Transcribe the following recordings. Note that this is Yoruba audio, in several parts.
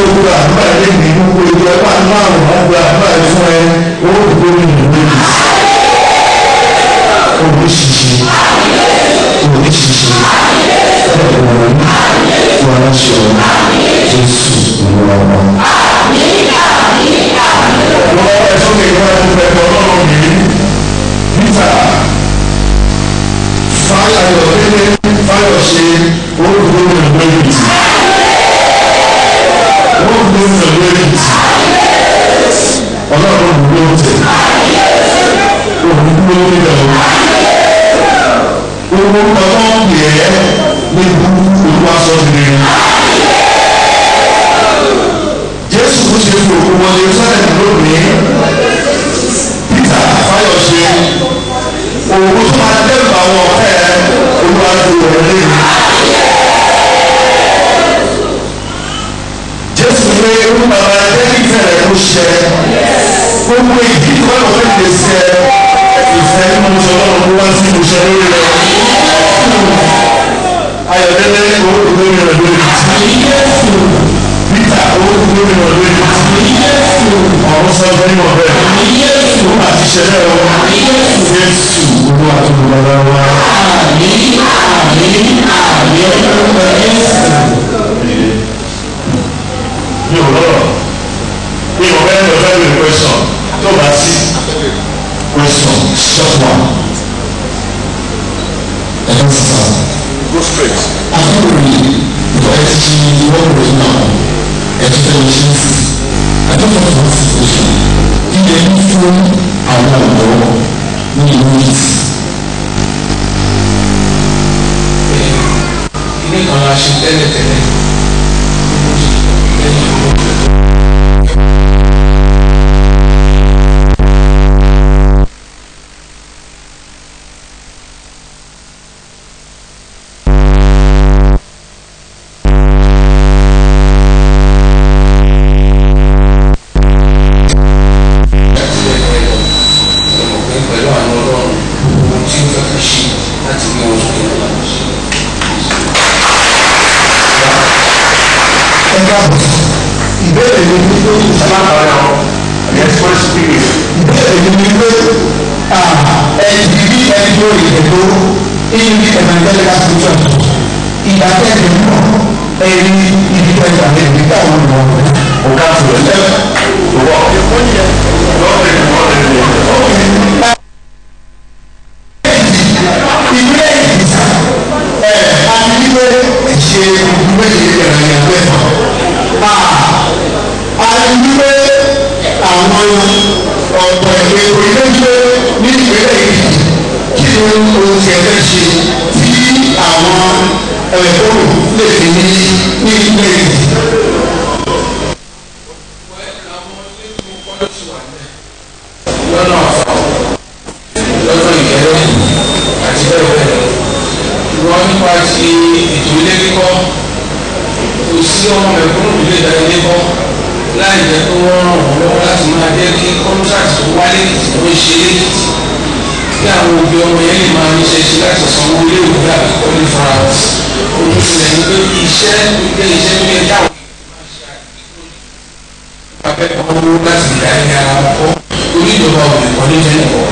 gbogbo àdúrà lè ní gbogbo ìjọ ẹgbà náà wọ́n gba àdúrà fún ẹ ó gbogbo nínú méjì. Òní ṣìṣe. Òní ṣìṣe. Ẹ̀wọ̀n wọn aṣọ Jésù ìwà wọn. Wọ́n ẹ fún mi wọ́n ti bẹ̀rẹ̀ ọlọ́run yìí. Níta Fáyọ̀ Délé Fáyọ̀ ṣe ó gbogbo nínú méjì. ọlọ́run dúró tẹ̀ òun dúró nílẹ̀ o gbogbo ọlọ́run yẹ ní gbogbo olúwa sọ́ọ́ nìyẹn. ẹ̀ẹ́dẹ́gbẹ̀rẹ̀ rẹ̀ ló ṣẹ gbogbo ìdí kọ́ ló fẹ́ lè ṣẹ ìfẹ́ nínú sọlọ́run kó wá sí ìmúṣẹ lórí rẹ̀ ayọ̀dẹ́lẹ́ owó ìgbẹ́ mi rẹ̀ lórí ti peter owó ìgbẹ́ mi rẹ̀ lórí ti ọ̀run sọ fẹ́ nínú ọ̀bẹ ó bá ti ṣẹlẹ̀ ẹ má kàwé náà ẹ sọ spirit. ìbéèrè mi ni pé ẹni bí ẹni tó rí ẹ̀dọ́ ẹni bí evangelical spiritual ìgbà tẹ̀lé mọ́ ẹni ibi tó ẹ̀dá ẹni bí táwọn ọmọ ọmọ kò ká tó lọ. ọwọ́ ọ̀rẹ́ mi ọ̀rẹ́ mi ọ̀rẹ́ mi. ọ̀rẹ́ tó lò lè fi ní ní ilé ìlú. lọ́nà ọ̀fà lọ́nà ìgbẹ́rẹ́ àti bẹ́ẹ̀ bẹ́ẹ̀ wọ́n nípa ti ètò ilé kíkọ́ kò sí ọmọ mẹ́kúnnù ilé ìdá ilé kọ́ láì jẹ́ pé wọ́n ràn wọ́n lọ́wọ́ láti máa jẹ́ kí kọ́ńtàkì tó wálé kìtì tó ń tí àwọn òbí ọmọ yẹn lè máa ń ṣe ṣe láti sanwó ilé ìwé àkọ́kọ́ ní France olùsílẹ̀ ní pé iṣẹ́ gbígbé iṣẹ́ gbígbé dáwọ́ abẹ́ ọmọ láti darí ara wọn kọ́ oníjọba òyìnbó ní jẹ́ ìwọ̀.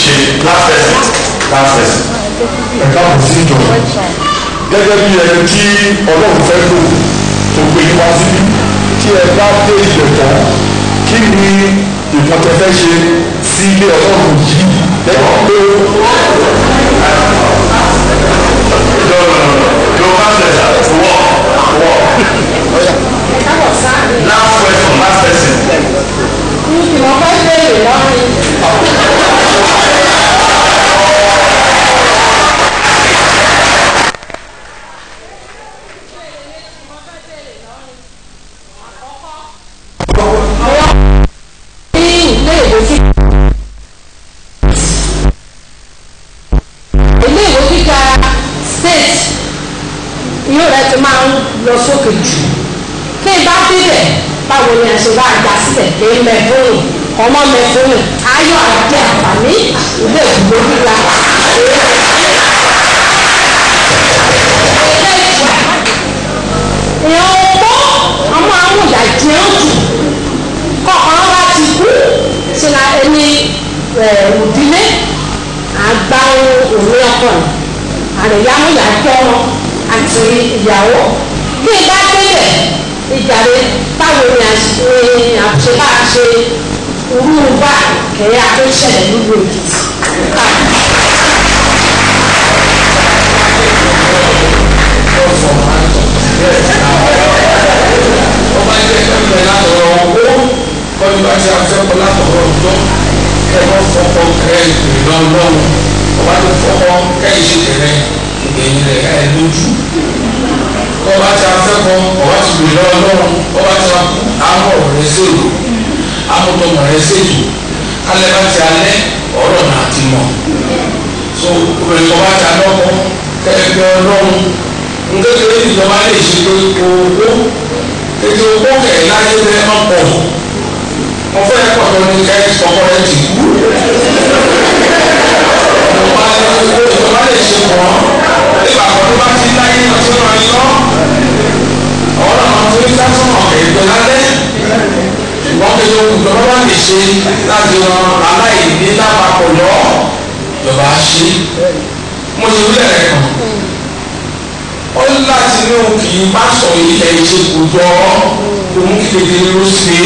ṣe láfẹsẹ̀ láfẹsẹ̀ ẹ̀ka kò sí ìjọba gẹ́gẹ́ bí ẹni tí ọlọ́run fẹ́ lò tó gbé wá síbí tí ẹ bá dé ìgbẹ̀tọ̀ kí ni ìkọ́tẹ́ fẹ́ ṣe sí ilé ọlọ́run yìí lẹ́yìn pé. your pastor work last question báwo ni àṣẹ bá gbà sílẹ̀ pé mẹfóònù ọmọ mẹfóònù ayọ̀ àti àǹfààní ilé ìdúró gíga. èèyàn ọgbọ́ ọmọ amúyà jẹ́ òtù kọ̀ọ̀kan bá ti kú síra ẹni òdílé àgbáwo òní ọkọ̀ àrẹ̀yàmúyà jẹ́ ọmọ àti ìyàwó bí ìbá délẹ̀ ìjàre báwo ni a ṣe àṣẹ bá a ṣe irú bá kẹ̀yà tó ṣẹlẹ̀ nílùú Èkìtì. àmọ̀ ọ̀rẹ́ sèlú àmọ̀ ọ̀rẹ́ sèlú alẹ́ bá ti alẹ́ ọ̀rọ̀ náà ti mọ̀ so obìnrin kan bá ta lọ́kọ́ ẹgbẹ́ ọlọ́run nkékeré ìjọba lè ṣe pé owó ètò owó kẹ̀kẹ́ láyé bẹ́ẹ̀ má pọ̀ ọ̀fẹ́ pọ̀ tó ní kẹ́ ọkọ̀ ti kú. ti ní òun kì í bá sọ ilẹ̀ ìṣègùn jọ òun kéde ló ṣe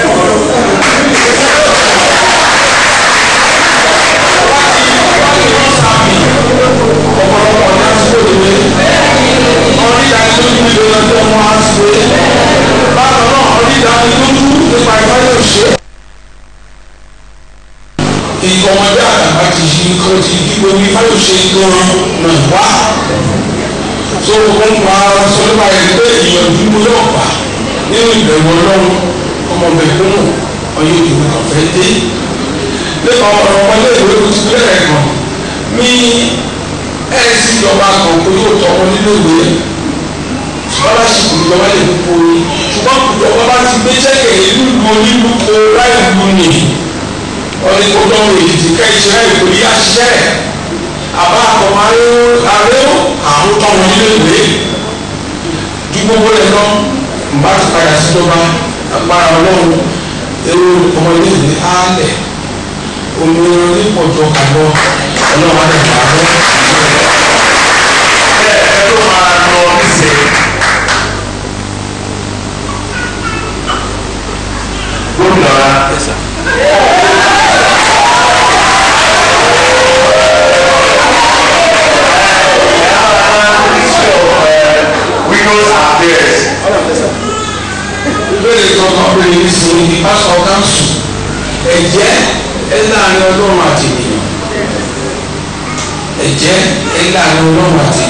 ọ̀pọ̀lọpọ̀ ní àsìkò ìwé ọ̀rí ìdánilójú ìlú ọjọ́ wọn á ṣe bákan náà ọ̀rí ìdánilójú nípa ìwáyé òṣè. ìkọ̀mọdé àgbà ti yí kọjú ìdíbò ní ìwáyé òṣè gan-an náà wá tó wọ́n pa sọ́lá ẹ̀ pé ìyọ̀dún mo yọ̀ pa nínú ìbẹ̀wò ọlọ́run ọmọ bẹ̀rẹ̀ mọ̀ ọyọ́ ìdìbò kan fẹ́ dé nípa ọ̀rọ̀ ọmọdé ìwé kò ti bẹ̀rẹ̀ kan mi ẹ̀ sì jọba kan kó yóò tọ́ ọmọ nílé ìwé scholarship ìjọba lè kó o ṣùgbọ́n ìjọba bá ti gbé sẹ́kẹ̀ ìlú ìlú onílùkọ láìlú ni ọ̀nìkọ̀dọ̀ òyìnbí ká ìṣẹ́ ìkòlí àṣẹ àbá àkọ́mọ arẹ́wò àwọn tọ́mọ iléèwé ju gbogbo rẹ̀ lọ nba ti padà sí lọ́ba agbára ọlọ́run ewu ọmọ iléèwé alẹ̀ òmìnira nípọ̀jọ kàbọ̀ ọlọ́run alẹ̀ kàbọ̀. ẹ ẹ ló máa lọ níṣẹ́. gómìnà ọ̀la. ẹ̀jẹ̀ ìlànà ọlọ́run àti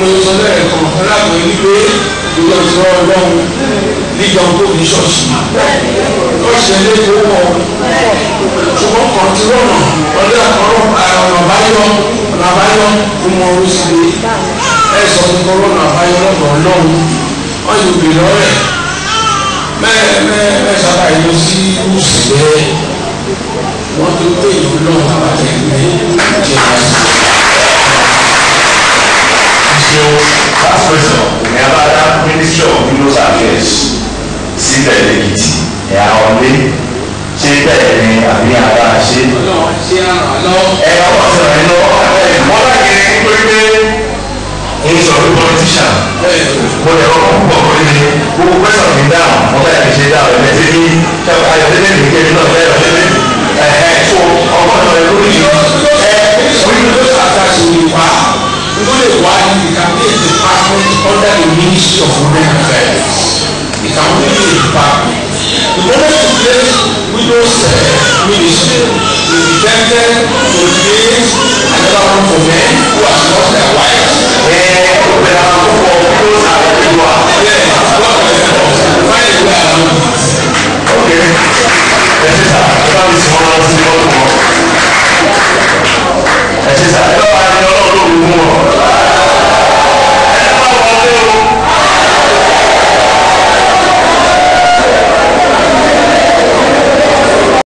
ènìyàn mo sọ bẹ́ẹ̀ kan ọlọ́run ẹni pé ìjọ ti rọ ọlọ́run níjọ tó ní ṣọ́ọ̀ṣì ó ṣe lé tó wọ̀ ṣùgbọ́n kan ti rọ̀nà ọdẹ ọ̀nà àbáyọ ọ̀nà àbáyọ kó mọ orí sí i ẹ sọ fún kọ́ ọ̀nà àbáyọ lọ́dọ̀ ọlọ́run wọ́n yóò bèrè ọ̀rẹ́ mẹ́ẹ̀ mẹ́ẹ̀ mẹ́ẹ̀ sábà yọ sí ìlú sílẹ̀ wọ́n tó tẹ̀yìn ọlọ́run àbájá ṣeun last question òní abáda ministry of windows affairs síbẹ̀ lẹ́kìtì ẹ̀yà ọ̀lẹ́ ṣé bẹ́ẹ̀ ni àbí àbá ṣe. ẹ ọkọ sọ̀rọ̀ ẹ lọ wọn bá yẹ pé pé n sọ pé politician mo lè ọkọ púpọ̀ pé ní gbogbo pẹ́sàn mi dáhùn mo bá yẹ kí ṣe dáhùn ẹ̀ lẹ́sìn ní ayọ̀dẹ́lẹ́ nìkẹ́ nínú ọ̀gá rẹ̀ lórí ẹ orí ló ṣàtàṣe ìwà ló department under the ministry of women affairs ìkàwé department the moment you place widows uh, ministry you be tempted to create another one for men who are not their wives. ẹ ó bẹ̀rẹ̀ àwọn.